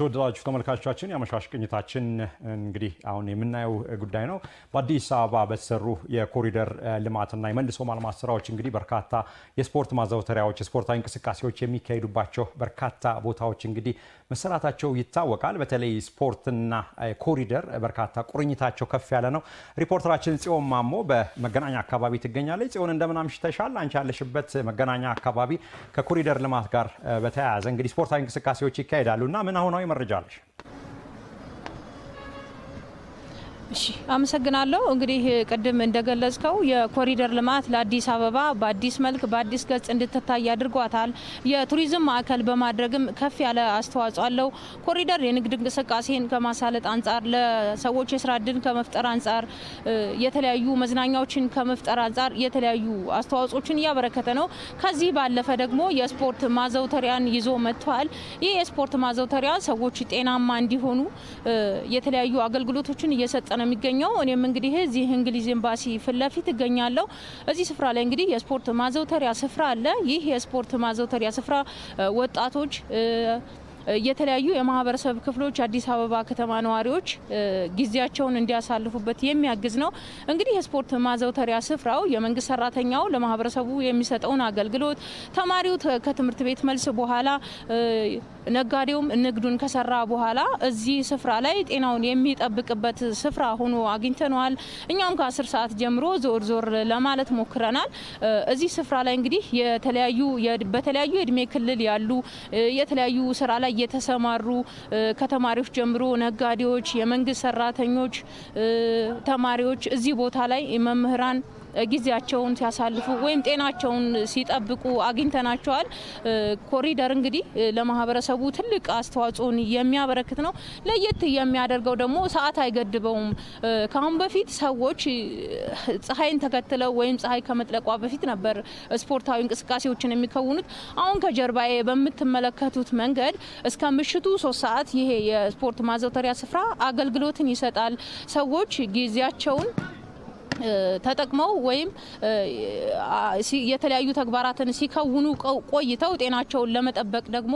የተወደዳችሁ ተመልካቾቻችን የአመሻሽ ቅኝታችን እንግዲህ አሁን የምናየው ጉዳይ ነው። በአዲስ አበባ በተሰሩ የኮሪደር ልማትና የመልሶ ማልማት ስራዎች እንግዲህ በርካታ የስፖርት ማዘውተሪያዎች፣ የስፖርታዊ እንቅስቃሴዎች የሚካሄዱባቸው በርካታ ቦታዎች እንግዲህ መሰራታቸው ይታወቃል። በተለይ ስፖርትና ኮሪደር በርካታ ቁርኝታቸው ከፍ ያለ ነው። ሪፖርተራችን ጽዮን ማሞ በመገናኛ አካባቢ ትገኛለች። ጽዮን እንደምን አምሽተሻል? አንቺ ያለሽበት መገናኛ አካባቢ ከኮሪደር ልማት ጋር በተያያዘ እንግዲህ ስፖርታዊ እንቅስቃሴዎች ይካሄዳሉ እና ምን አሁናዊ መረጃ አለሽ? እሺ አመሰግናለሁ። እንግዲህ ቅድም እንደገለጽከው የኮሪደር ልማት ለአዲስ አበባ በአዲስ መልክ በአዲስ ገጽ እንድትታይ አድርጓታል። የቱሪዝም ማዕከል በማድረግም ከፍ ያለ አስተዋጽኦ አለው። ኮሪደር የንግድ እንቅስቃሴን ከማሳለጥ አንጻር፣ ለሰዎች የስራ እድል ከመፍጠር አንጻር፣ የተለያዩ መዝናኛዎችን ከመፍጠር አንጻር የተለያዩ አስተዋጽኦችን እያበረከተ ነው። ከዚህ ባለፈ ደግሞ የስፖርት ማዘውተሪያን ይዞ መጥቷል። ይህ የስፖርት ማዘውተሪያ ሰዎች ጤናማ እንዲሆኑ የተለያዩ አገልግሎቶችን እየሰጠ ነው የሚገኘው። እኔም እንግዲህ እዚህ እንግሊዝ ኤምባሲ ፊት ለፊት እገኛለሁ። እዚህ ስፍራ ላይ እንግዲህ የስፖርት ማዘውተሪያ ስፍራ አለ። ይህ የስፖርት ማዘውተሪያ ስፍራ ወጣቶች የተለያዩ የማህበረሰብ ክፍሎች አዲስ አበባ ከተማ ነዋሪዎች ጊዜያቸውን እንዲያሳልፉበት የሚያግዝ ነው። እንግዲህ የስፖርት ማዘውተሪያ ስፍራው የመንግስት ሰራተኛው ለማህበረሰቡ የሚሰጠውን አገልግሎት ተማሪው ከትምህርት ቤት መልስ በኋላ ነጋዴውም ንግዱን ከሰራ በኋላ እዚህ ስፍራ ላይ ጤናውን የሚጠብቅበት ስፍራ ሆኖ አግኝተነዋል። እኛም ከአስር ሰዓት ጀምሮ ዞር ዞር ለማለት ሞክረናል። እዚህ ስፍራ ላይ እንግዲህ የተለያዩ በተለያዩ የእድሜ ክልል ያሉ የተለያዩ ስራ ላይ የተሰማሩ ከተማሪዎች ጀምሮ ነጋዴዎች፣ የመንግስት ሰራተኞች፣ ተማሪዎች እዚህ ቦታ ላይ መምህራን ጊዜያቸውን ሲያሳልፉ ወይም ጤናቸውን ሲጠብቁ አግኝተናቸዋል። ኮሪደር እንግዲህ ለማህበረሰቡ ትልቅ አስተዋጽኦን የሚያበረክት ነው። ለየት የሚያደርገው ደግሞ ሰዓት አይገድበውም። ከአሁን በፊት ሰዎች ፀሐይን ተከትለው ወይም ፀሐይ ከመጥለቋ በፊት ነበር ስፖርታዊ እንቅስቃሴዎችን የሚከውኑት። አሁን ከጀርባዬ በምትመለከቱት መንገድ እስከ ምሽቱ ሶስት ሰዓት ይሄ የስፖርት ማዘውተሪያ ስፍራ አገልግሎትን ይሰጣል። ሰዎች ጊዜያቸውን ተጠቅመው ወይም የተለያዩ ተግባራትን ሲከውኑ ቆይተው ጤናቸውን ለመጠበቅ ደግሞ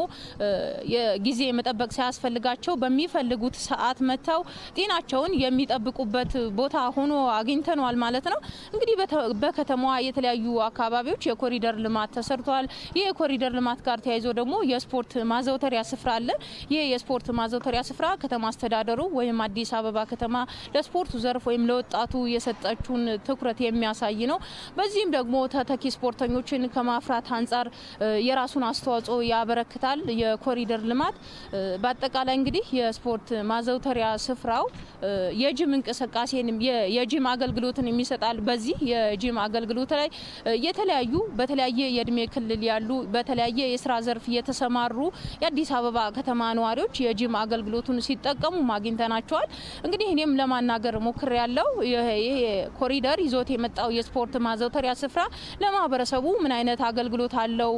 ጊዜ መጠበቅ ሳያስፈልጋቸው በሚፈልጉት ሰዓት መጥተው ጤናቸውን የሚጠብቁበት ቦታ ሆኖ አግኝተነዋል ማለት ነው። እንግዲህ በከተማዋ የተለያዩ አካባቢዎች የኮሪደር ልማት ተሰርቷል። ይህ የኮሪደር ልማት ጋር ተያይዞ ደግሞ የስፖርት ማዘውተሪያ ስፍራ አለ። ይህ የስፖርት ማዘውተሪያ ስፍራ ከተማ አስተዳደሩ ወይም አዲስ አበባ ከተማ ለስፖርቱ ዘርፍ ወይም ለወጣቱ የሰጠችው የወጣቶቹን ትኩረት የሚያሳይ ነው። በዚህም ደግሞ ተተኪ ስፖርተኞችን ከማፍራት አንጻር የራሱን አስተዋጽኦ ያበረክታል። የኮሪደር ልማት በአጠቃላይ እንግዲህ የስፖርት ማዘውተሪያ ስፍራው የጂም እንቅስቃሴን የጂም አገልግሎትን የሚሰጣል። በዚህ የጂም አገልግሎት ላይ የተለያዩ በተለያየ የእድሜ ክልል ያሉ በተለያየ የስራ ዘርፍ የተሰማሩ የአዲስ አበባ ከተማ ነዋሪዎች የጂም አገልግሎቱን ሲጠቀሙ ማግኝተናቸዋል። እንግዲህ እኔም ለማናገር ሞክሬ ያለው ይሄ ኮሪደር ይዞት የመጣው የስፖርት ማዘውተሪያ ስፍራ ለማህበረሰቡ ምን አይነት አገልግሎት አለው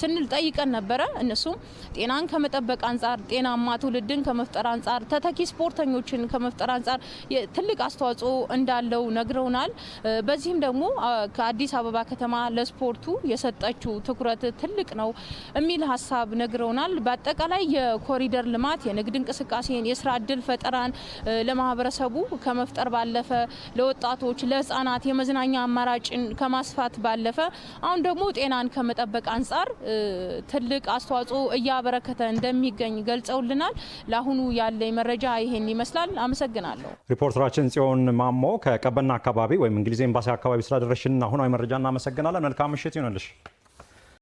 ስንል ጠይቀን ነበረ። እነሱም ጤናን ከመጠበቅ አንጻር፣ ጤናማ ትውልድን ከመፍጠር አንጻር፣ ተተኪ ስፖርተኞችን ከመፍጠር አንጻር ትልቅ አስተዋጽኦ እንዳለው ነግረውናል። በዚህም ደግሞ ከአዲስ አበባ ከተማ ለስፖርቱ የሰጠችው ትኩረት ትልቅ ነው የሚል ሀሳብ ነግረውናል። በአጠቃላይ የኮሪደር ልማት የንግድ እንቅስቃሴን፣ የስራ እድል ፈጠራን ለማህበረሰቡ ከመፍጠር ባለፈ ለወጣቶች፣ ለህጻናት የመዝናኛ አማራጭን ከማስፋት ባለፈ አሁን ደግሞ ጤናን ከመጠበቅ አንጻር ትልቅ አስተዋጽኦ እያበረከተ እንደሚገኝ ገልጸውልናል። ለአሁኑ ያለኝ መረጃ ይሄን ይመስላል። አመሰግናለሁ። ሪፖርተራችን ጽዮን ማሞ ከቀበና አካባቢ ወይም እንግሊዝ ኤምባሲ አካባቢ ስላደረሽን አሁናዊ መረጃ እናመሰግናለን። መልካም ምሽት ይሆንልሽ።